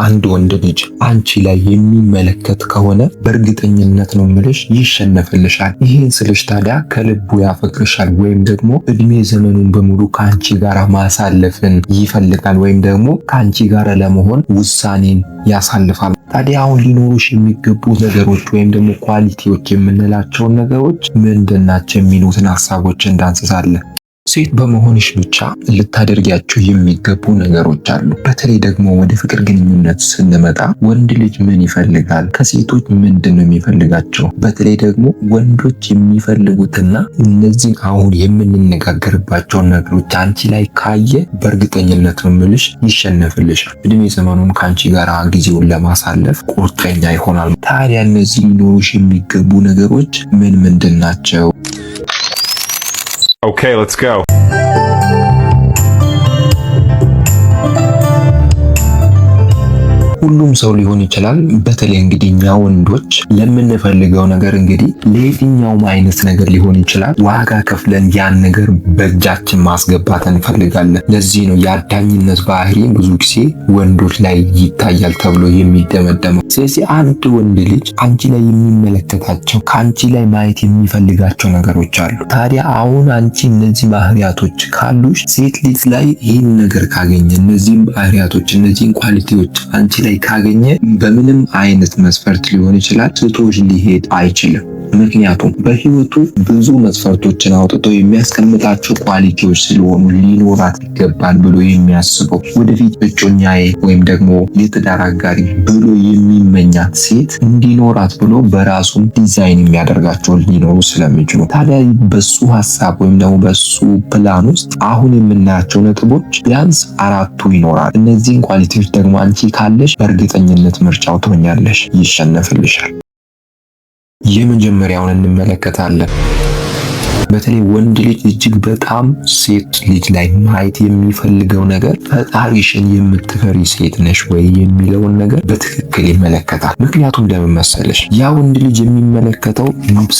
አንድ ወንድ ልጅ አንቺ ላይ የሚመለከት ከሆነ በእርግጠኝነት ነው ምልሽ ይሸነፍልሻል። ይህን ስልሽ ታዲያ ከልቡ ያፈቅርሻል ወይም ደግሞ እድሜ ዘመኑን በሙሉ ከአንቺ ጋር ማሳለፍን ይፈልጋል ወይም ደግሞ ከአንቺ ጋር ለመሆን ውሳኔን ያሳልፋል። ታዲያ አሁን ሊኖሩሽ የሚገቡ ነገሮች ወይም ደግሞ ኳሊቲዎች የምንላቸውን ነገሮች ምንድናቸው የሚሉትን ሀሳቦች እንዳንስሳለን። ሴት በመሆንሽ ብቻ ልታደርጊያቸው የሚገቡ ነገሮች አሉ። በተለይ ደግሞ ወደ ፍቅር ግንኙነት ስንመጣ ወንድ ልጅ ምን ይፈልጋል? ከሴቶች ምንድን ነው የሚፈልጋቸው? በተለይ ደግሞ ወንዶች የሚፈልጉትና እነዚህን አሁን የምንነጋገርባቸውን ነገሮች አንቺ ላይ ካየ በእርግጠኝነት ነው የምልሽ ይሸነፍልሻል። እድሜ ዘመኑን ከአንቺ ጋር ጊዜውን ለማሳለፍ ቁርጠኛ ይሆናል። ታዲያ እነዚህ ሊኖሩሽ የሚገቡ ነገሮች ምን ምንድን ናቸው? Okay, let's go. ሁሉም ሰው ሊሆን ይችላል። በተለይ እንግዲህ እኛ ወንዶች ለምንፈልገው ነገር እንግዲህ ለየትኛውም አይነት ነገር ሊሆን ይችላል ዋጋ ከፍለን ያን ነገር በእጃችን ማስገባት እንፈልጋለን። ለዚህ ነው የአዳኝነት ባህሪ ብዙ ጊዜ ወንዶች ላይ ይታያል ተብሎ የሚደመደመው። ስለዚህ አንድ ወንድ ልጅ አንቺ ላይ የሚመለከታቸው ከአንቺ ላይ ማየት የሚፈልጋቸው ነገሮች አሉ። ታዲያ አሁን አንቺ እነዚህ ባህሪያቶች ካሉሽ ሴት ልጅ ላይ ይህን ነገር ካገኘ እነዚህም ባህሪያቶች እነዚህን ኳሊቲዎች አንቺ ላይ ላይ ካገኘ በምንም አይነት መስፈርት ሊሆን ይችላል ትቶች ሊሄድ አይችልም። ምክንያቱም በህይወቱ ብዙ መስፈርቶችን አውጥቶ የሚያስቀምጣቸው ኳሊቲዎች ስለሆኑ ሊኖራት ይገባል ብሎ የሚያስበው ወደፊት እጮኛዬ ወይም ደግሞ የትዳር አጋሪ ብሎ የሚመኛት ሴት እንዲኖራት ብሎ በራሱም ዲዛይን የሚያደርጋቸው ሊኖሩ ስለሚችሉ ታዲያ በሱ ሀሳብ ወይም ደግሞ በሱ ፕላን ውስጥ አሁን የምናያቸው ነጥቦች ቢያንስ አራቱ ይኖራል። እነዚህን ኳሊቲዎች ደግሞ አንቺ ካለሽ በእርግጠኝነት ምርጫው ትሆኛለሽ፣ ይሸነፍልሻል። የመጀመሪያውን እንመለከታለን። በተለይ ወንድ ልጅ እጅግ በጣም ሴት ልጅ ላይ ማየት የሚፈልገው ነገር ፈጣሪሽን የምትፈሪ ሴት ነሽ ወይ የሚለውን ነገር በትክክል ይመለከታል። ምክንያቱም ለምን መሰለሽ ያ ወንድ ልጅ የሚመለከተው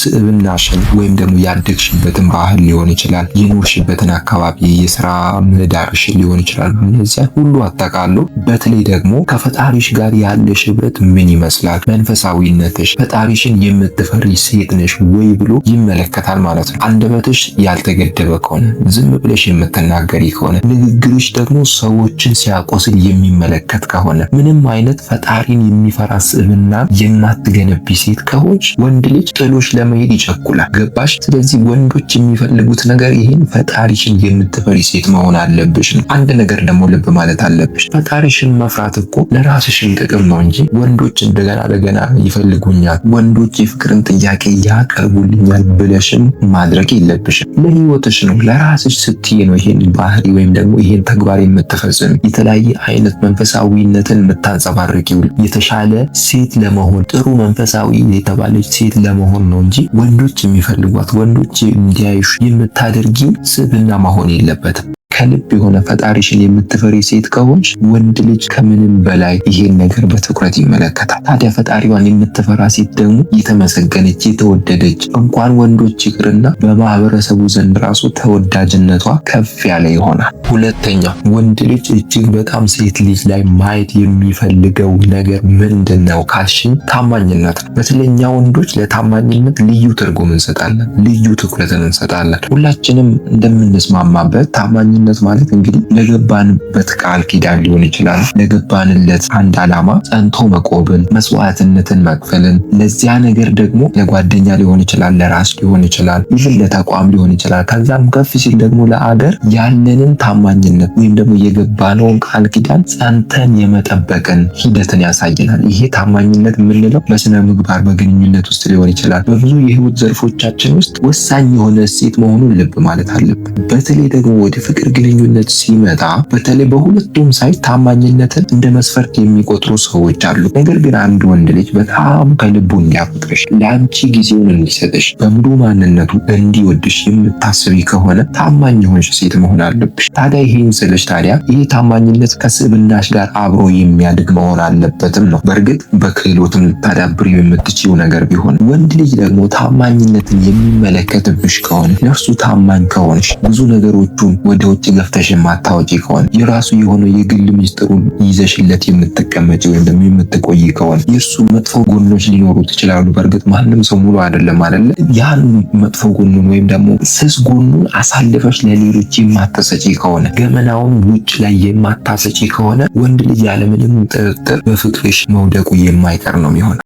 ስብዕናሽን ወይም ደግሞ ያደግሽበትን ባህል ሊሆን ይችላል፣ የኖርሽበትን አካባቢ፣ የስራ ምህዳርሽን ሊሆን ይችላል። እነዚያ ሁሉ አጠቃሉ በተለይ ደግሞ ከፈጣሪሽ ጋር ያለሽ ህብረት ምን ይመስላል፣ መንፈሳዊነትሽ፣ ፈጣሪሽን የምትፈሪ ሴት ነሽ ወይ ብሎ ይመለከታል ማለት ነው። አንደበትሽ ያልተገደበ ከሆነ ዝም ብለሽ የምትናገሪ ከሆነ ንግግርሽ ደግሞ ሰዎችን ሲያቆስል የሚመለከት ከሆነ ምንም አይነት ፈጣሪን የሚፈራ ስብና የማትገነቢ ሴት ከሆንሽ ወንድ ልጅ ጥሎሽ ለመሄድ ይቸኩላል። ገባሽ? ስለዚህ ወንዶች የሚፈልጉት ነገር ይህን ፈጣሪሽን የምትፈሪ ሴት መሆን አለብሽ ነው። አንድ ነገር ደግሞ ልብ ማለት አለብሽ። ፈጣሪሽን መፍራት እኮ ለራስሽን ጥቅም ነው እንጂ ወንዶች እንደገና ለገና ይፈልጉኛል፣ ወንዶች የፍቅርን ጥያቄ ያቀርቡልኛል ብለሽም ማድረግ ጥያቄ የለብሽም። ለህይወትሽ ነው፣ ለራስሽ ስትይ ነው ይሄን ባህሪ ወይም ደግሞ ይሄን ተግባር የምትፈጽም የተለያየ አይነት መንፈሳዊነትን የምታንጸባርቂው የተሻለ ሴት ለመሆን ጥሩ መንፈሳዊ የተባለች ሴት ለመሆን ነው እንጂ ወንዶች የሚፈልጓት ወንዶች እንዲያዩሽ የምታደርጊ ስብና መሆን የለበትም። ከልብ የሆነ ፈጣሪሽን የምትፈሪ ሴት ከሆንሽ ወንድ ልጅ ከምንም በላይ ይሄን ነገር በትኩረት ይመለከታል። ታዲያ ፈጣሪዋን የምትፈራ ሴት ደግሞ የተመሰገነች የተወደደች እንኳን ወንዶች ይቅርና በማህበረሰቡ ዘንድ ራሱ ተወዳጅነቷ ከፍ ያለ ይሆናል። ሁለተኛ ወንድ ልጅ እጅግ በጣም ሴት ልጅ ላይ ማየት የሚፈልገው ነገር ምንድን ነው ካልሽኝ፣ ታማኝነት ነው። በተለኛ ወንዶች ለታማኝነት ልዩ ትርጉም እንሰጣለን፣ ልዩ ትኩረትን እንሰጣለን። ሁላችንም እንደምንስማማበት ታማኝ ቁርጠኝነት ማለት እንግዲህ ለገባንበት ቃል ኪዳን ሊሆን ይችላል። ለገባንለት አንድ ዓላማ ጸንቶ መቆብን፣ መስዋዕትነትን መክፈልን፣ ለዚያ ነገር ደግሞ ለጓደኛ ሊሆን ይችላል፣ ለራስ ሊሆን ይችላል፣ ይህን ለተቋም ሊሆን ይችላል። ከዛም ከፍ ሲል ደግሞ ለአገር ያለንን ታማኝነት ወይም ደግሞ የገባነውን ቃል ኪዳን ጸንተን የመጠበቅን ሂደትን ያሳየናል። ይሄ ታማኝነት የምንለው በስነ ምግባር በግንኙነት ውስጥ ሊሆን ይችላል። በብዙ የህይወት ዘርፎቻችን ውስጥ ወሳኝ የሆነ እሴት መሆኑን ልብ ማለት አለብን። በተለይ ደግሞ ወደ ፍቅር ግንኙነት ሲመጣ በተለይ በሁለቱም ሳይት ታማኝነትን እንደ መስፈርት የሚቆጥሩ ሰዎች አሉ። ነገር ግን አንድ ወንድ ልጅ በጣም ከልቡ እንዲያፈቅርሽ፣ ለአንቺ ጊዜውን እንዲሰጥሽ፣ በሙሉ ማንነቱ እንዲወድሽ የምታስቢ ከሆነ ታማኝ የሆንሽ ሴት መሆን አለብሽ። ታዲያ ይህን ስልሽ ታዲያ ይህ ታማኝነት ከስዕብናሽ ጋር አብሮ የሚያድግ መሆን አለበትም ነው። በእርግጥ በክህሎትም ልታዳብሪው የምትችው ነገር ቢሆን ወንድ ልጅ ደግሞ ታማኝነትን የሚመለከትብሽ ከሆነ ለእርሱ ታማኝ ከሆንሽ ብዙ ነገሮቹን ወደ ውጭ ገፍተሽ የማታወጪ ከሆነ የራሱ የሆነ የግል ሚስጥሩን ይዘሽለት የምትቀመጭ ወይም ደግሞ የምትቆይ ከሆነ የእርሱ መጥፎ ጎኖች ሊኖሩ ይችላሉ። በእርግጥ ማንም ሰው ሙሉ አይደለም አለ ያን መጥፎ ጎኑን ወይም ደግሞ ስስ ጎኑን አሳልፈሽ ለሌሎች የማትሰጪ ከሆነ ገመናውን ውጭ ላይ የማታሰጪ ከሆነ ወንድ ልጅ ያለምንም ጥርጥር በፍቅርሽ መውደቁ የማይቀር ነው የሚሆነው።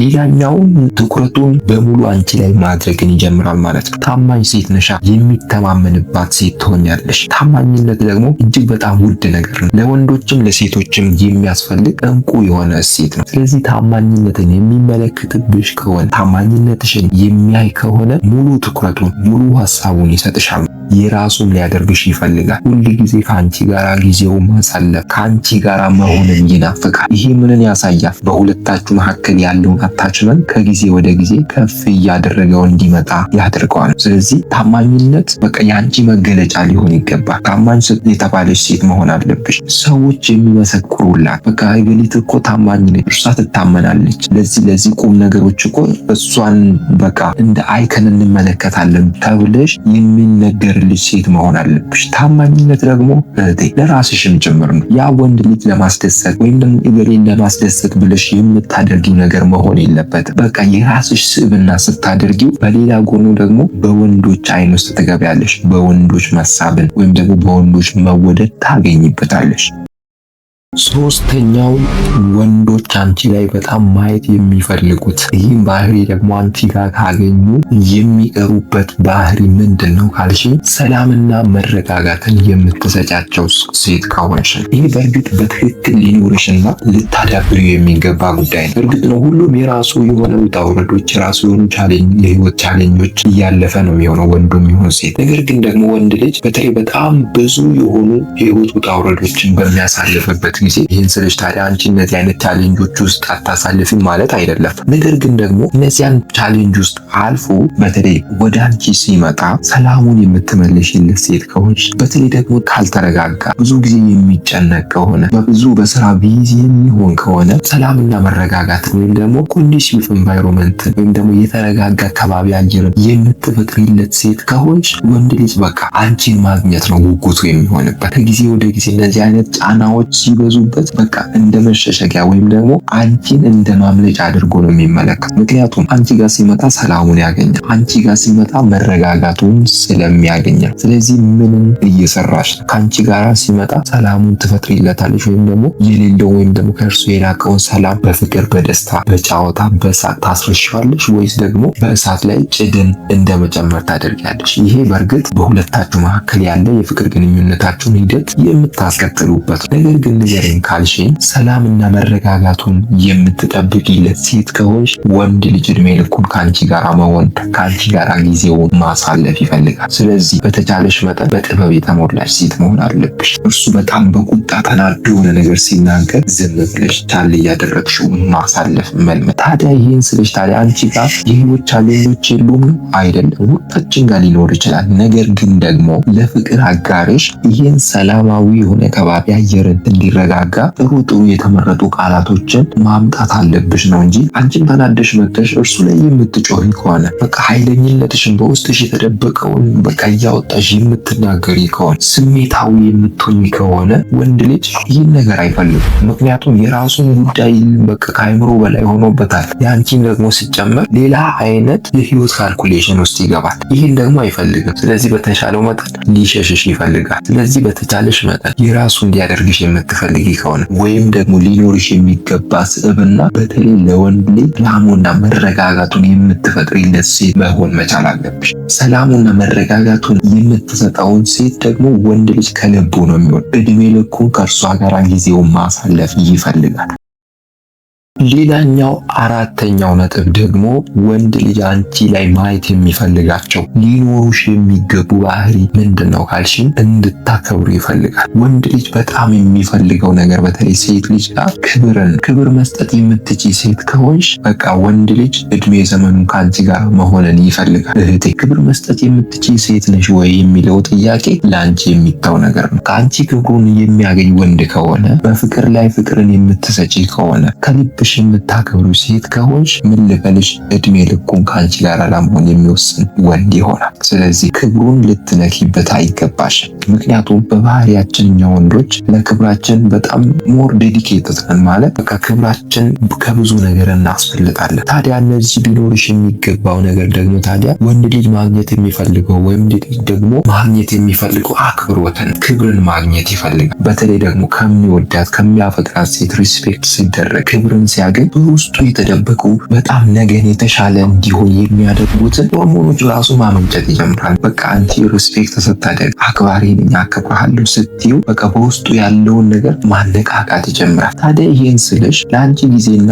ሌላኛውን ትኩረቱን በሙሉ አንቺ ላይ ማድረግን ይጀምራል ማለት ነው። ታማኝ ሴት ነሻ፣ የሚተማመንባት ሴት ትሆኛለሽ። ታማኝነት ደግሞ እጅግ በጣም ውድ ነገር ነው፣ ለወንዶችም ለሴቶችም የሚያስፈልግ እንቁ የሆነ እሴት ነው። ስለዚህ ታማኝነትን የሚመለከትብሽ ከሆነ ታማኝነትሽን የሚያይ ከሆነ ሙሉ ትኩረቱን ሙሉ ሀሳቡን ይሰጥሻል። የራሱን ሊያደርግሽ ይፈልጋል። ሁል ጊዜ ከአንቺ ጋራ ጊዜው ማሳለፍ፣ ከአንቺ ጋራ መሆንን ይናፍቃል። ይሄ ምንን ያሳያል? በሁለታችሁ መካከል ያለውን አታችመን ከጊዜ ወደ ጊዜ ከፍ እያደረገው እንዲመጣ ያደርገዋል። ስለዚህ ታማኝነት በቃ የአንቺ መገለጫ ሊሆን ይገባል። ታማኝ የተባለች ሴት መሆን አለብሽ። ሰዎች የሚመሰክሩላት በቃ እገሊት እኮ ታማኝ ነች፣ እርሷ ትታመናለች፣ ለዚህ ለዚህ ቁም ነገሮች እኮ እሷን በቃ እንደ አይከን እንመለከታለን ተብለሽ የሚነገር ልጅ ሴት መሆን አለብሽ። ታማኝነት ደግሞ እህቴ ለራስሽም ጭምር ነው። ያ ወንድ ልጅ ለማስደሰት ወይም ደግሞ እገሌን ለማስደሰት ብለሽ የምታደርጊው ነገር መሆን የለበትም። በቃ የራስሽ ስብና ስታደርጊው፣ በሌላ ጎኑ ደግሞ በወንዶች አይን ውስጥ ትገቢያለሽ። በወንዶች መሳብን ወይም ደግሞ በወንዶች መወደድ ታገኝበታለሽ። ሶስተኛው ወንዶች አንቺ ላይ በጣም ማየት የሚፈልጉት ይህም ባህሪ ደግሞ አንቺ ጋር ካገኙ የሚቀሩበት ባህሪ ምንድን ነው ካልሽ ሰላምና መረጋጋትን የምትሰጫቸው ሴት ከሆነሽ ይህ በእርግጥ በትክክል ሊኖርሽና ልታዳብሪው የሚገባ ጉዳይ ነው። እርግጥ ነው ሁሉም የራሱ የሆነ ውጣ ውረዶች የራሱ የሆኑ የህይወት ቻሌንጆች እያለፈ ነው የሚሆነው ወንዱም ይሁን ሴት። ነገር ግን ደግሞ ወንድ ልጅ በተለይ በጣም ብዙ የሆኑ የህይወት ውጣ ውረዶችን በሚያሳልፍበት ጊዜ ይህን ስልሽ ታዲያ አንቺ እነዚህ አይነት ቻሌንጆች ውስጥ አታሳልፊ ማለት አይደለም። ነገር ግን ደግሞ እነዚያን ቻሌንጅ ውስጥ አልፎ በተለይ ወደ አንቺ ሲመጣ ሰላሙን የምትመልሽለት ሴት ከሆንሽ፣ በተለይ ደግሞ ካልተረጋጋ ብዙ ጊዜ የሚጨነቅ ከሆነ በብዙ በስራ ቢዚ የሚሆን ከሆነ ሰላምና መረጋጋት ወይም ደግሞ ኮንዲሽን ኤንቫይሮንመንት ወይም ደግሞ የተረጋጋ አካባቢ አየር የምትፈጥሪለት ሴት ከሆንሽ ወንድ ልጅ በቃ አንቺን ማግኘት ነው ጉጉቱ የሚሆንበት። ከጊዜ ወደ ጊዜ እነዚህ አይነት ጫናዎች ሲበዙ የያዙበት በቃ እንደ መሸሸጊያ ወይም ደግሞ አንቺን እንደ ማምለጫ አድርጎ ነው የሚመለከት። ምክንያቱም አንቺ ጋር ሲመጣ ሰላሙን ያገኛል፣ አንቺ ጋር ሲመጣ መረጋጋቱን ስለሚያገኛል። ስለዚህ ምንም እየሰራሽ ነው፣ ከአንቺ ጋር ሲመጣ ሰላሙን ትፈጥሪለታለች፣ ወይም ደግሞ የሌለው ወይም ደግሞ ከእርሱ የላቀውን ሰላም በፍቅር በደስታ በጫወታ በእሳት ታስረሻዋለሽ፣ ወይስ ደግሞ በእሳት ላይ ጭድን እንደ መጨመር ታደርጊያለች? ይሄ በእርግጥ በሁለታችሁ መካከል ያለ የፍቅር ግንኙነታችሁን ሂደት የምታስቀጥሉበት ነገር ግን ነገር አልፈልግህም ካልሽኝ ሰላምና መረጋጋቱን የምትጠብቂለት ሴት ከሆንሽ ወንድ ልጅ እድሜ ልኩን ከአንቺ ጋር መሆን ከአንቺ ጋር ጊዜውን ማሳለፍ ይፈልጋል። ስለዚህ በተቻለሽ መጠን በጥበብ የተሞላሽ ሴት መሆን አለብሽ። እርሱ በጣም በቁጣ ተናዶ የሆነ ነገር ሲናገር ዝም ብለሽ ቻል እያደረግሽው ማሳለፍ መልመድ። ታዲያ ይህን ስልሽ ታዲያ አንቺ ጋር የህይወት ቻሌንጆች የሉም? አይደለም፣ ሁላችን ጋር ሊኖር ይችላል። ነገር ግን ደግሞ ለፍቅር አጋርሽ ይህን ሰላማዊ የሆነ ከባቢ አየርን እንዲረጋ ሲረጋጋ ጥሩ ጥሩ የተመረጡ ቃላቶችን ማምጣት አለብሽ ነው እንጂ አንቺም ተናደሽ መተሽ እርሱ ላይ የምትጮሂ ከሆነ በቃ ኃይለኝነትሽን በውስጥሽ የተደበቀውን በቃ እያወጣሽ የምትናገሪ ከሆነ ስሜታዊ የምትሆኝ ከሆነ ወንድ ልጅ ይህን ነገር አይፈልግም። ምክንያቱም የራሱን ጉዳይ በቃ ከአይምሮ በላይ ሆኖበታል። የአንቺን ደግሞ ሲጨመር ሌላ አይነት የህይወት ካልኩሌሽን ውስጥ ይገባል። ይህን ደግሞ አይፈልግም። ስለዚህ በተሻለው መጠን ሊሸሽሽ ይፈልጋል። ስለዚህ በተቻለሽ መጠን የራሱ እንዲያደርግሽ የምትፈልግ የምትፈልጊ ከሆነ ወይም ደግሞ ሊኖርሽ የሚገባ ስብዕና በተለይ ለወንድ ልጅ ሰላሙና መረጋጋቱን የምትፈጥሪለት ሴት መሆን መቻል አለብሽ። ሰላሙና መረጋጋቱን የምትሰጠውን ሴት ደግሞ ወንድ ልጅ ከልቡ ነው የሚሆን። እድሜ ልኩን ከእርሷ ጋር ጊዜውን ማሳለፍ ይፈልጋል። ሌላኛው አራተኛው ነጥብ ደግሞ ወንድ ልጅ አንቺ ላይ ማየት የሚፈልጋቸው ሊኖሩሽ የሚገቡ ባህሪ ምንድን ነው ካልሽን፣ እንድታከብሩ ይፈልጋል። ወንድ ልጅ በጣም የሚፈልገው ነገር በተለይ ሴት ልጅ ጋር ክብርን፣ ክብር መስጠት የምትች ሴት ከሆንሽ በቃ ወንድ ልጅ እድሜ ዘመኑን ከአንቺ ጋር መሆንን ይፈልጋል። እህቴ ክብር መስጠት የምትች ሴት ነሽ ወይ የሚለው ጥያቄ ለአንቺ የሚታው ነገር ነው። ከአንቺ ክብሩን የሚያገኝ ወንድ ከሆነ በፍቅር ላይ ፍቅርን የምትሰጪ ከሆነ ከልብ ራስሽ የምታከብሩ ሴት ከሆንሽ ምን ልበልሽ እድሜ ልኩን ከአንቺ ጋር ላመሆን የሚወስን ወንድ ይሆናል። ስለዚህ ክብሩን ልትነኪበት አይገባሽም። ምክንያቱም በባህሪያችን እኛ ወንዶች ለክብራችን በጣም ሞር ዴዲኬትድ ነን። ማለት ከክብራችን ከብዙ ነገር እናስፈልጣለን። ታዲያ እነዚህ ቢኖርሽ የሚገባው ነገር ደግሞ ታዲያ ወንድ ልጅ ማግኘት የሚፈልገው ወይም ልጅ ደግሞ ማግኘት የሚፈልገው አክብሮትን፣ ክብርን ማግኘት ይፈልጋል። በተለይ ደግሞ ከሚወዳት ከሚያፈቅራት ሴት ሪስፔክት ሲደረግ ክብርን ሲያገኝ በውስጡ የተደበቁ በጣም ነገን የተሻለ እንዲሆን የሚያደርጉትን ሆርሞኖች ራሱ ማመንጨት ይጀምራል። በቃ አንቲ ሪስፔክት ስታደግ አክባሪ ነኝ አከብርሃለሁ በቃ በውስጡ ያለውን ነገር ማነቃቃት ይጀምራል። ታዲያ ይህን ስልሽ ለአንቺ ጊዜና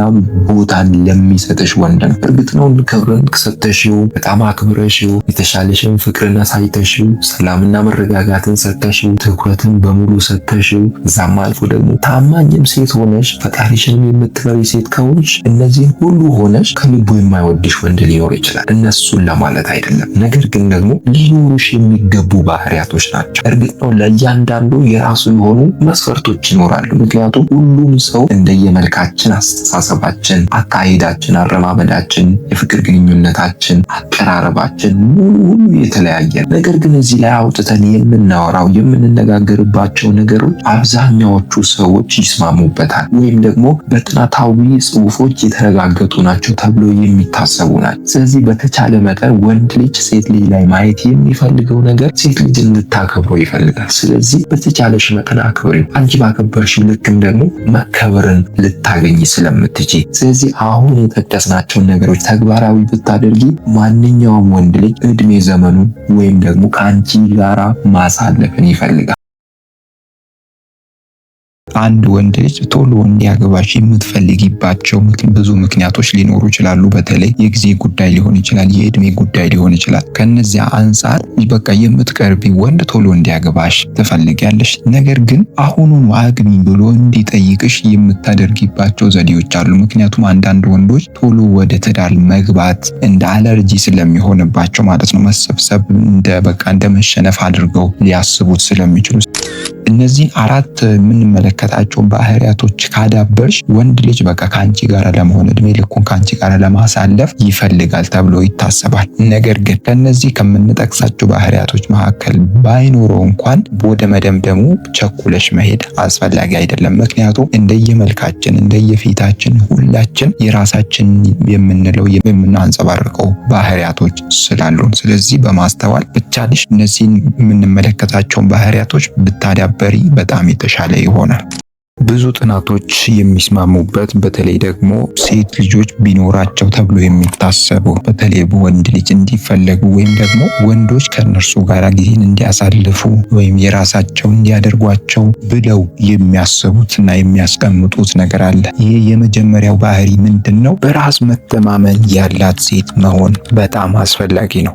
ቦታን ለሚሰጥሽ ወንድ ነው። እርግጥ ነው ክብርን ሰተሽው በጣም አክብረሽው የተሻለሽን ፍቅርን አሳይተሽው ሰላምና መረጋጋትን ሰተሽው ትኩረትን በሙሉ ሰተሽው እዛም አልፎ ደግሞ ታማኝም ሴት ሆነሽ ፈጣሪሽንም የምትፈሪ ሴት ከሆንሽ እነዚህን ሁሉ ሆነሽ ከልቡ የማይወድሽ ወንድ ሊኖር ይችላል። እነሱን ለማለት አይደለም፣ ነገር ግን ደግሞ ሊኖሩሽ የሚገቡ ባህሪያቶች ናቸው። እርግጥ ነው ለእያንዳንዱ የራሱ የሆኑ መስፈርቶች ይኖራሉ። ምክንያቱም ሁሉም ሰው እንደየመልካችን፣ አስተሳሰባችን፣ አካሄዳችን፣ አረማመዳችን፣ የፍቅር ግንኙነታችን፣ አቀራረባችን ሙሉ ሁሉ የተለያየ ነገር ግን እዚህ ላይ አውጥተን የምናወራው የምንነጋገርባቸው ነገሮች አብዛኛዎቹ ሰዎች ይስማሙበታል ወይም ደግሞ በጥናታዊ ጽሁፎች የተረጋገጡ ናቸው ተብሎ የሚታሰቡ ናቸው። ስለዚህ በተቻለ መጠን ወንድ ልጅ ሴት ልጅ ላይ ማየት የሚፈልገው ነገር ሴት ልጅ እንድታከብሮ ይፈልጋል። ስለዚህ በተቻለሽ መጠን አክብሪ። አንቺ ባከበርሽ ልክም ደግሞ መከበርን ልታገኝ ስለምትች ስለዚህ አሁን የጠቀስናቸውን ነገሮች ተግባራዊ ብታደርጊ ማንኛውም ወንድ ልጅ እድሜ ዘመኑ ወይም ደግሞ ከአንቺ ጋራ ማሳለፍን ይፈልጋል። አንድ ወንድ ልጅ ቶሎ እንዲያገባሽ የምትፈልጊባቸው ብዙ ምክንያቶች ሊኖሩ ይችላሉ። በተለይ የጊዜ ጉዳይ ሊሆን ይችላል፣ የእድሜ ጉዳይ ሊሆን ይችላል። ከነዚያ አንጻር በቃ የምትቀርቢ ወንድ ቶሎ እንዲያገባሽ ትፈልጊያለሽ። ነገር ግን አሁኑን አግቢ ብሎ እንዲጠይቅሽ የምታደርጊባቸው ዘዴዎች አሉ። ምክንያቱም አንዳንድ ወንዶች ቶሎ ወደ ትዳር መግባት እንደ አለርጂ ስለሚሆንባቸው ማለት ነው መሰብሰብ እንደ በቃ እንደ መሸነፍ አድርገው ሊያስቡት ስለሚችሉ እነዚህን አራት የምንመለከታቸው ባህሪያቶች ካዳበርሽ ወንድ ልጅ በቃ ከአንቺ ጋር ለመሆን እድሜ ልኩን ከአንቺ ጋር ለማሳለፍ ይፈልጋል ተብሎ ይታሰባል። ነገር ግን ከነዚህ ከምንጠቅሳቸው ባህሪያቶች መካከል ባይኖረው እንኳን ወደ መደምደሙ ቸኩለሽ መሄድ አስፈላጊ አይደለም። ምክንያቱም እንደየመልካችን እንደየፊታችን ሁላችን የራሳችን የምንለው የምናንጸባርቀው ባህሪያቶች ስላሉን፣ ስለዚህ በማስተዋል ብቻልሽ እነዚህን የምንመለከታቸውን ባህሪያቶች ብታዳብ ብትተባበሪ በጣም የተሻለ ይሆናል። ብዙ ጥናቶች የሚስማሙበት በተለይ ደግሞ ሴት ልጆች ቢኖራቸው ተብሎ የሚታሰቡ በተለይ በወንድ ልጅ እንዲፈለጉ ወይም ደግሞ ወንዶች ከእነርሱ ጋር ጊዜን እንዲያሳልፉ ወይም የራሳቸው እንዲያደርጓቸው ብለው እና የሚያስቀምጡት ነገር አለ። ይህ የመጀመሪያው ባህሪ ምንድን ነው? በራስ መተማመን ያላት ሴት መሆን በጣም አስፈላጊ ነው።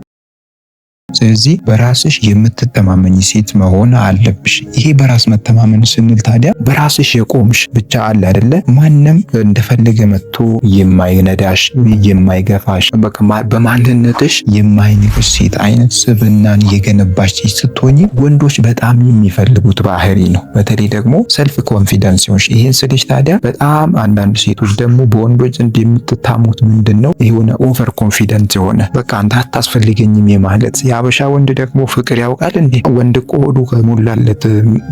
ስለዚህ በራስሽ የምትተማመኝ ሴት መሆን አለብሽ። ይሄ በራስ መተማመን ስንል ታዲያ በራስሽ የቆምሽ ብቻ አለ አይደለ? ማንም እንደፈለገ መጥቶ የማይነዳሽ የማይገፋሽ፣ በማንነትሽ የማይንቅሽ ሴት አይነት ስብናን የገነባሽ ሴት ስትሆኝ ወንዶች በጣም የሚፈልጉት ባህሪ ነው። በተለይ ደግሞ ሰልፍ ኮንፊደንስ ሲሆንሽ። ይህን ስልሽ ታዲያ በጣም አንዳንድ ሴቶች ደግሞ በወንዶች ዘንድ የምትታሙት ምንድን ነው? የሆነ ኦቨር ኮንፊደንት የሆነ በቃ አንተ አታስፈልገኝም የማለት የአበሻ ወንድ ደግሞ ፍቅር ያውቃል እንዴ? ወንድ እኮ ሆዱ ከሞላለት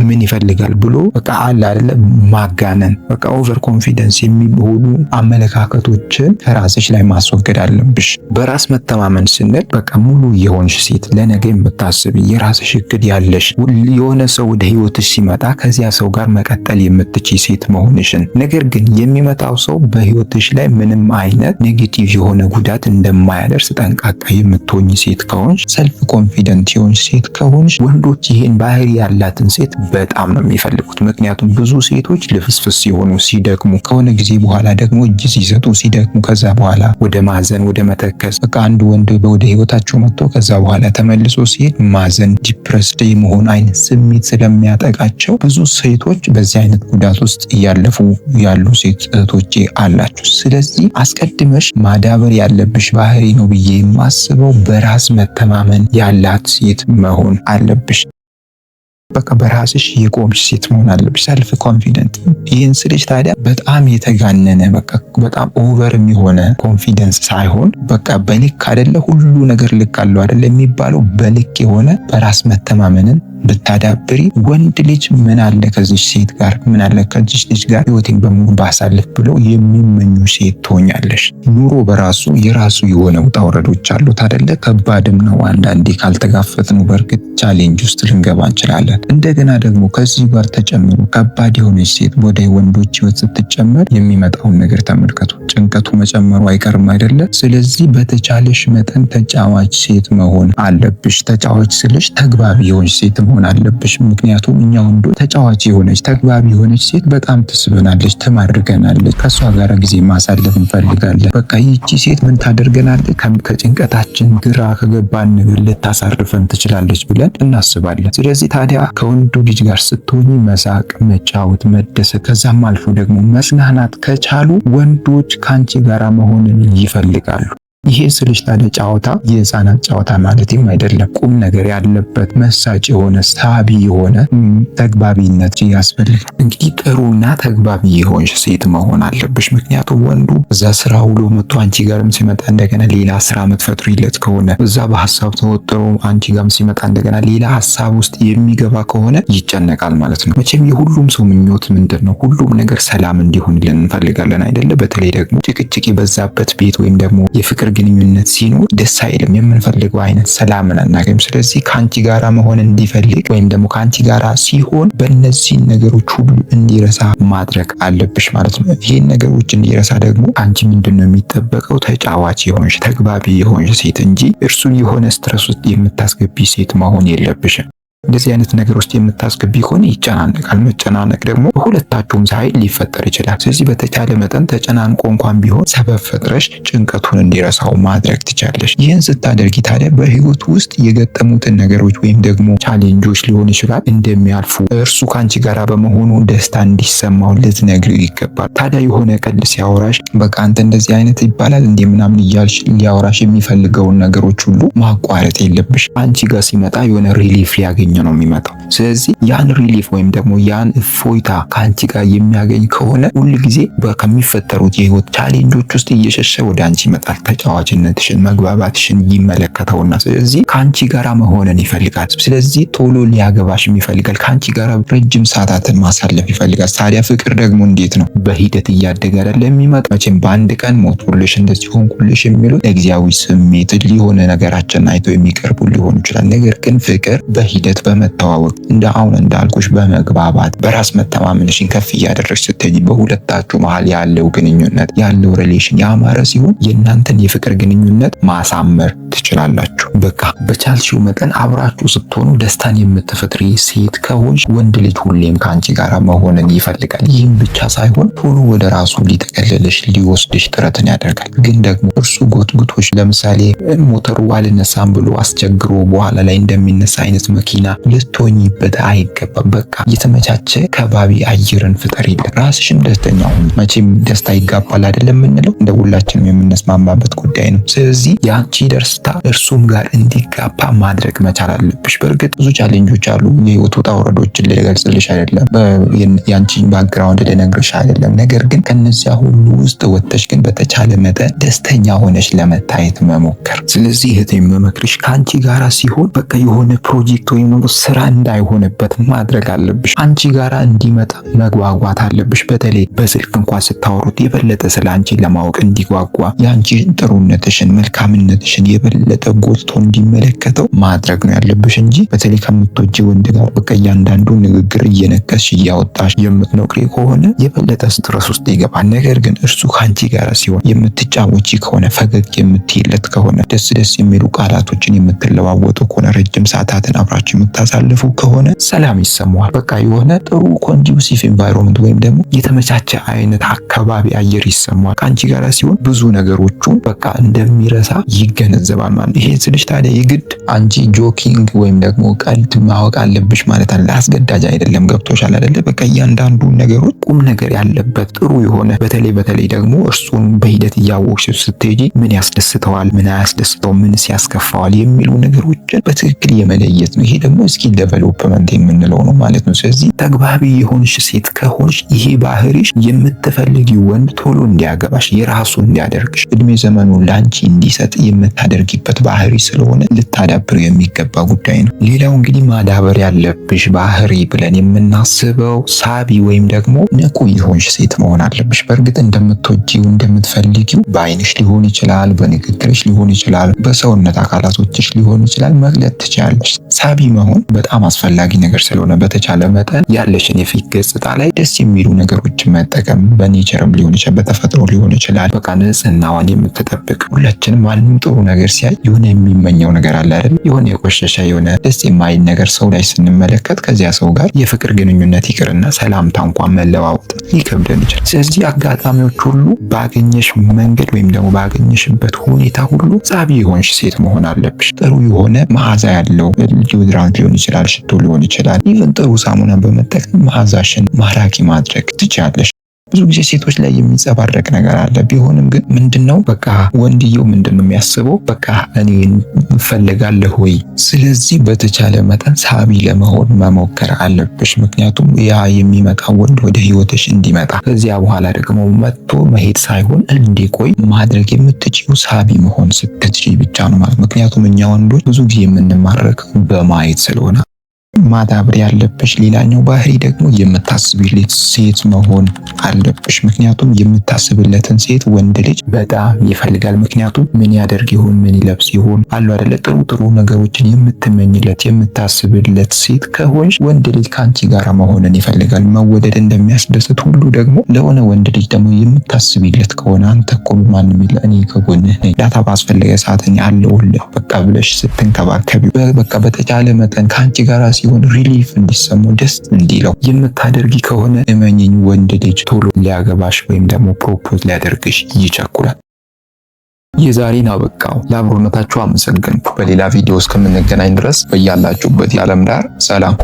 ምን ይፈልጋል ብሎ በቃ አለ አይደለ ማጋነን፣ በቃ ኦቨር ኮንፊደንስ የሚሆኑ አመለካከቶችን ከራስሽ ላይ ማስወገድ አለብሽ። በራስ መተማመን ስንል በቃ ሙሉ የሆንሽ ሴት፣ ለነገ የምታስብ የራስሽ እቅድ ያለሽ፣ የሆነ ሰው ወደ ህይወትሽ ሲመጣ ከዚያ ሰው ጋር መቀጠል የምትች ሴት መሆንሽን። ነገር ግን የሚመጣው ሰው በህይወትሽ ላይ ምንም አይነት ኔጌቲቭ የሆነ ጉዳት እንደማያደርስ ጠንቃቃ የምትሆኝ ሴት ከሆንሽ ሰልፍ ኮንፊደንት የሆን ሴት ከሆንሽ ወንዶች ይህን ባህሪ ያላትን ሴት በጣም ነው የሚፈልጉት። ምክንያቱም ብዙ ሴቶች ልፍስፍስ ሲሆኑ ሲደክሙ፣ ከሆነ ጊዜ በኋላ ደግሞ እጅ ሲሰጡ ሲደክሙ፣ ከዛ በኋላ ወደ ማዘን ወደ መተከስ በቃ አንድ ወንድ ወደ ህይወታቸው መጥቶ ከዛ በኋላ ተመልሶ ሲሄድ ማዘን፣ ዲፕረስድ የመሆን አይነት ስሜት ስለሚያጠቃቸው ብዙ ሴቶች በዚህ አይነት ጉዳት ውስጥ እያለፉ ያሉ ሴት እህቶቼ አላችሁ። ስለዚህ አስቀድመሽ ማዳበር ያለብሽ ባህሪ ነው ብዬ የማስበው በራስ መተማመን ያላት ሴት መሆን አለብሽ። በቃ በራስሽ የቆምሽ ሴት መሆን አለብሽ። ሰልፍ ኮንፊደንት። ይህን ስልሽ ታዲያ በጣም የተጋነነ በቃ በጣም ኦቨር የሆነ ኮንፊደንስ ሳይሆን በቃ በልክ አደለ ሁሉ ነገር ልክ አለው አደለ የሚባለው በልክ የሆነ በራስ መተማመንን ብታዳብሪ ወንድ ልጅ ምን አለ ከዚች ሴት ጋር ምን አለ ከዚች ልጅ ጋር ህይወቴን በሙሉ ባሳልፍ ብሎ የሚመኙ ሴት ትሆኛለሽ። ኑሮ በራሱ የራሱ የሆነ ውጣ ውረዶች አሉት አደለ? ከባድም ነው አንዳንዴ ካልተጋፈት ነው። በእርግጥ ቻሌንጅ ውስጥ ልንገባ እንችላለን። እንደገና ደግሞ ከዚህ ጋር ተጨምሮ ከባድ የሆነች ሴት ወደ ወንዶች ህይወት ስትጨመር የሚመጣውን ነገር ተመልከቱ። ጭንቀቱ መጨመሩ አይቀርም አይደለ? ስለዚህ በተቻለሽ መጠን ተጫዋች ሴት መሆን አለብሽ። ተጫዋች ስልሽ ተግባቢ የሆነች ሴት መሆን አለብሽ። ምክንያቱም እኛ ወንዶ ተጫዋች የሆነች ተግባቢ የሆነች ሴት በጣም ትስበናለች፣ ትማድርገናለች። ከእሷ ጋር ጊዜ ማሳለፍ እንፈልጋለን። በቃ ይቺ ሴት ምን ታደርገናለች? ከጭንቀታችን ግራ ከገባን ነገር ልታሳርፈን ትችላለች ብለን እናስባለን። ስለዚህ ታዲያ ከወንዱ ልጅ ጋር ስትሆኝ መሳቅ፣ መጫወት፣ መደሰት ከዛም አልፎ ደግሞ መጽናናት ከቻሉ ወንዶች ከአንቺ ጋራ መሆንን ይፈልጋሉ። ይሄ ስልሽ ታዲያ ጨዋታ የህፃናት ጨዋታ ማለትም አይደለም። ቁም ነገር ያለበት መሳጭ የሆነ ሳቢ የሆነ ተግባቢነት ያስፈልግ። እንግዲህ ጥሩና ተግባቢ የሆንሽ ሴት መሆን አለብሽ። ምክንያቱም ወንዱ እዛ ስራ ውሎ መጥቶ አንቺ ጋርም ሲመጣ እንደገና ሌላ ስራ ምትፈጥሪለት ከሆነ እዛ በሀሳብ ተወጥሮ አንቺ ጋርም ሲመጣ እንደገና ሌላ ሀሳብ ውስጥ የሚገባ ከሆነ ይጨነቃል ማለት ነው። መቼም የሁሉም ሰው ምኞት ምንድን ነው? ሁሉም ነገር ሰላም እንዲሆንልን እንፈልጋለን አይደለ? በተለይ ደግሞ ጭቅጭቅ የበዛበት ቤት ወይም ደግሞ የፍቅር ግንኙነት ሲኖር ደስ አይልም። የምንፈልገው አይነት ሰላምን አናገኝም። ስለዚህ ከአንቺ ጋራ መሆን እንዲፈልግ ወይም ደግሞ ከአንቺ ጋራ ሲሆን በእነዚህን ነገሮች ሁሉ እንዲረሳ ማድረግ አለብሽ ማለት ነው። ይህን ነገሮች እንዲረሳ ደግሞ አንቺ ምንድን ነው የሚጠበቀው? ተጫዋች የሆንሽ ተግባቢ የሆንሽ ሴት እንጂ እርሱን የሆነ ስትረስ ውስጥ የምታስገቢ ሴት መሆን የለብሽም። እንደዚህ አይነት ነገር ውስጥ የምታስገቢ ከሆነ ይጨናነቃል። መጨናነቅ ደግሞ በሁለታችሁም ሳይል ሊፈጠር ይችላል። ስለዚህ በተቻለ መጠን ተጨናንቆ እንኳን ቢሆን ሰበብ ፈጥረሽ ጭንቀቱን እንዲረሳው ማድረግ ትቻለሽ። ይህን ስታደርጊ ታዲያ በህይወት ውስጥ የገጠሙትን ነገሮች ወይም ደግሞ ቻሌንጆች ሊሆን ይችላል እንደሚያልፉ እርሱ ከአንቺ ጋር በመሆኑ ደስታ እንዲሰማው ልትነግሪው ይገባል። ታዲያ የሆነ ቀል ሲያወራሽ በቃ አንተ እንደዚህ አይነት ይባላል እንደ ምናምን እያልሽ ሊያወራሽ የሚፈልገውን ነገሮች ሁሉ ማቋረጥ የለብሽ። አንቺ ጋር ሲመጣ የሆነ ሪሊፍ ሊያገኝ እያገኘ ነው የሚመጣው። ስለዚህ ያን ሪሊፍ ወይም ደግሞ ያን እፎይታ ከአንቺ ጋር የሚያገኝ ከሆነ ሁል ጊዜ ከሚፈጠሩት የህይወት ቻሌንጆች ውስጥ እየሸሸ ወደ አንቺ ይመጣል። ተጫዋችነትሽን፣ መግባባትሽን ይመለከተውና ስለዚህ ከአንቺ ጋር መሆንን ይፈልጋል። ስለዚህ ቶሎ ሊያገባሽም ይፈልጋል። ከአንቺ ጋር ረጅም ሰዓታትን ማሳለፍ ይፈልጋል። ታዲያ ፍቅር ደግሞ እንዴት ነው? በሂደት እያደገ አይደለ የሚመጣ መቼም በአንድ ቀን ሞትኩልሽ፣ እንደዚህ ሆንኩልሽ የሚሉት ጊዜያዊ ስሜት ሊሆነ ነገራችን አይቶ የሚቀርቡ ሊሆን ይችላል። ነገር ግን ፍቅር በሂደት በመተዋወቅ እንደ አሁን እንዳልኩሽ በመግባባት በራስ መተማመንሽን ከፍ እያደረግሽ ስትሄጂ በሁለታችሁ መሀል ያለው ግንኙነት ያለው ሪሌሽን ያማረ ሲሆን የእናንተን የፍቅር ግንኙነት ማሳመር ትችላላችሁ። በቃ በቻልሽው መጠን አብራችሁ ስትሆኑ ደስታን የምትፈጥሪ ሴት ከሆንሽ ወንድ ልጅ ሁሌም ከአንቺ ጋር መሆንን ይፈልጋል። ይህም ብቻ ሳይሆን ቶሎ ወደ ራሱ ሊጠቀልልሽ ሊወስድሽ ጥረትን ያደርጋል። ግን ደግሞ እርሱ ጎትጉቶች ለምሳሌ ሞተሩ አልነሳም ብሎ አስቸግሮ በኋላ ላይ እንደሚነሳ አይነት መኪና መኪና ልትሆኝበት አይገባም። በቃ የተመቻቸ ከባቢ አየርን ፍጠሪለት፣ ራስሽም ደስተኛ ሁኚ። መቼም ደስታ ይጋባል አይደለም የምንለው እንደ ሁላችንም የምንስማማበት ጉዳይ ነው። ስለዚህ የአንቺ ደስታ እርሱም ጋር እንዲጋባ ማድረግ መቻል አለብሽ። በእርግጥ ብዙ ቻሌንጆች አሉ። የህይወት ውጣ ውረዶችን ልገልጽልሽ አይደለም፣ የአንቺ ባክግራውንድ ልነግርሽ አይደለም። ነገር ግን ከነዚያ ሁሉ ውስጥ ወጥተሽ ግን በተቻለ መጠን ደስተኛ ሆነች ለመታየት መሞከር። ስለዚህ እህቴ መመክርሽ ከአንቺ ጋራ ሲሆን በቃ የሆነ ፕሮጀክት ወይም ነገሩ ስራ እንዳይሆንበት ማድረግ አለብሽ። አንቺ ጋራ እንዲመጣ መጓጓት አለብሽ። በተለይ በስልክ እንኳ ስታወሩት የበለጠ ስለ አንቺ ለማወቅ እንዲጓጓ የአንቺ ጥሩነትሽን፣ መልካምነትሽን የበለጠ ጎልቶ እንዲመለከተው ማድረግ ነው ያለብሽ እንጂ በተለይ ከምትወጂ ወንድ ጋር በቃ እያንዳንዱ ንግግር እየነቀስሽ እያወጣሽ የምትነቅሪ ከሆነ የበለጠ ስትረስ ውስጥ ይገባል። ነገር ግን እርሱ ከአንቺ ጋር ሲሆን የምትጫወቺ ከሆነ ፈገግ የምትይለት ከሆነ ደስ ደስ የሚሉ ቃላቶችን የምትለዋወጡ ከሆነ ረጅም ሰዓታትን አብራችሁ የምታሳልፉ ከሆነ ሰላም ይሰማዋል። በቃ የሆነ ጥሩ ኮንዲዩሲቭ ኢንቫይሮንመንት ወይም ደግሞ የተመቻቸ አይነት አካባቢ አየር ይሰማዋል። ከአንቺ ጋር ሲሆን ብዙ ነገሮቹን በቃ እንደሚረሳ ይገነዘባል ማለት። ይሄ ስልሽ ታዲያ የግድ አንቺ ጆኪንግ ወይም ደግሞ ቀልድ ማወቅ አለብሽ ማለት አለ አስገዳጅ አይደለም። ገብቶሻል አይደለ? በቃ እያንዳንዱ ነገሮች ቁም ነገር ያለበት ጥሩ የሆነ በተለይ በተለይ ደግሞ እርሱን በሂደት እያወቅሽ ስትሄጂ ምን ያስደስተዋል፣ ምን አያስደስተው፣ ምን ሲያስከፋዋል የሚሉ ነገሮችን በትክክል የመለየት ነው። ይሄ ደግሞ ደግሞ ስኪል ዴቨሎፕመንት የምንለው ነው ማለት ነው። ስለዚህ ተግባቢ የሆንሽ ሴት ከሆንሽ ይሄ ባህሪሽ የምትፈልጊው ወንድ ቶሎ እንዲያገባሽ የራሱ እንዲያደርግሽ እድሜ ዘመኑን ላንቺ እንዲሰጥ የምታደርጊበት ባህሪ ስለሆነ ልታዳብር የሚገባ ጉዳይ ነው። ሌላው እንግዲህ ማዳበር ያለብሽ ባህሪ ብለን የምናስበው ሳቢ ወይም ደግሞ ንቁ የሆንሽ ሴት መሆን አለብሽ። በእርግጥ እንደምትወጂው እንደምትፈልጊው በአይንሽ ሊሆን ይችላል፣ በንግግርሽ ሊሆን ይችላል፣ በሰውነት አካላቶችሽ ሊሆን ይችላል መግለጥ ትችላለሽ። ሳቢ አሁን በጣም አስፈላጊ ነገር ስለሆነ በተቻለ መጠን ያለሽን የፊት ገጽታ ላይ ደስ የሚሉ ነገሮችን መጠቀም በኔቸርም ሊሆን ይችላል፣ በተፈጥሮ ሊሆን ይችላል። በቃ ንጽህናዋን የምትጠብቅ ሁላችንም ማንም ጥሩ ነገር ሲያይ የሆነ የሚመኘው ነገር አለ አይደል? የሆነ የቆሸሸ የሆነ ደስ የማይል ነገር ሰው ላይ ስንመለከት ከዚያ ሰው ጋር የፍቅር ግንኙነት ይቅርና ሰላምታ እንኳን መለዋወጥ ሊከብደን ይችላል። ስለዚህ አጋጣሚዎች ሁሉ ባገኘሽ መንገድ ወይም ደግሞ ባገኘሽበት ሁኔታ ሁሉ ሳቢ የሆንሽ ሴት መሆን አለብሽ። ጥሩ የሆነ መዓዛ ያለው ዲዮድራንት ሊሆን ይችላል፣ ሽቶ ሊሆን ይችላል። ኢቨን ጥሩ ሳሙና በመጠቀም መዓዛሽን ማራኪ ማድረግ ትችያለሽ። ብዙ ጊዜ ሴቶች ላይ የሚንጸባረቅ ነገር አለ። ቢሆንም ግን ምንድነው በቃ ወንድየው ምንድነው የሚያስበው? በቃ እኔ እንፈልጋለሁ ወይ? ስለዚህ በተቻለ መጠን ሳቢ ለመሆን መሞከር አለብሽ። ምክንያቱም ያ የሚመጣ ወንድ ወደ ህይወትሽ እንዲመጣ ከዚያ በኋላ ደግሞ መጥቶ መሄድ ሳይሆን እንዲቆይ ማድረግ የምትችው ሳቢ መሆን ስትችይ ብቻ ነው ማለት። ምክንያቱም እኛ ወንዶች ብዙ ጊዜ የምንማረክ በማየት ስለሆነ ማዳብር ያለብሽ ሌላኛው ባህሪ ደግሞ የምታስብለት ሴት መሆን አለብሽ። ምክንያቱም የምታስብለትን ሴት ወንድ ልጅ በጣም ይፈልጋል። ምክንያቱም ምን ያደርግ ይሆን፣ ምን ይለብስ ይሆን አሉ አደለ? ጥሩ ጥሩ ነገሮችን የምትመኝለት የምታስብለት ሴት ከሆንሽ ወንድ ልጅ ከአንቺ ጋር መሆንን ይፈልጋል። መወደድ እንደሚያስደስት ሁሉ ደግሞ ለሆነ ወንድ ልጅ ደግሞ የምታስብለት ከሆነ አንተ እኮ ማንም የለ እኔ ከጎንህ ነኝ፣ ዳታ ባስፈለገ ሰዓት አለሁልህ በቃ ብለሽ ስትንከባከቢ በቃ በተቻለ መጠን ከአንቺ ጋር ሲሆን ሪሊፍ እንዲሰማው ደስ እንዲለው የምታደርጊ ከሆነ እመኝኝ ወንድ ልጅ ቶሎ ሊያገባሽ ወይም ደግሞ ፕሮፖዝ ሊያደርግሽ ይቸኩላል። የዛሬን አበቃው። ለአብሮነታችሁ አመሰግንኩ። በሌላ ቪዲዮ እስከምንገናኝ ድረስ በያላችሁበት የዓለም ዳር ሰላም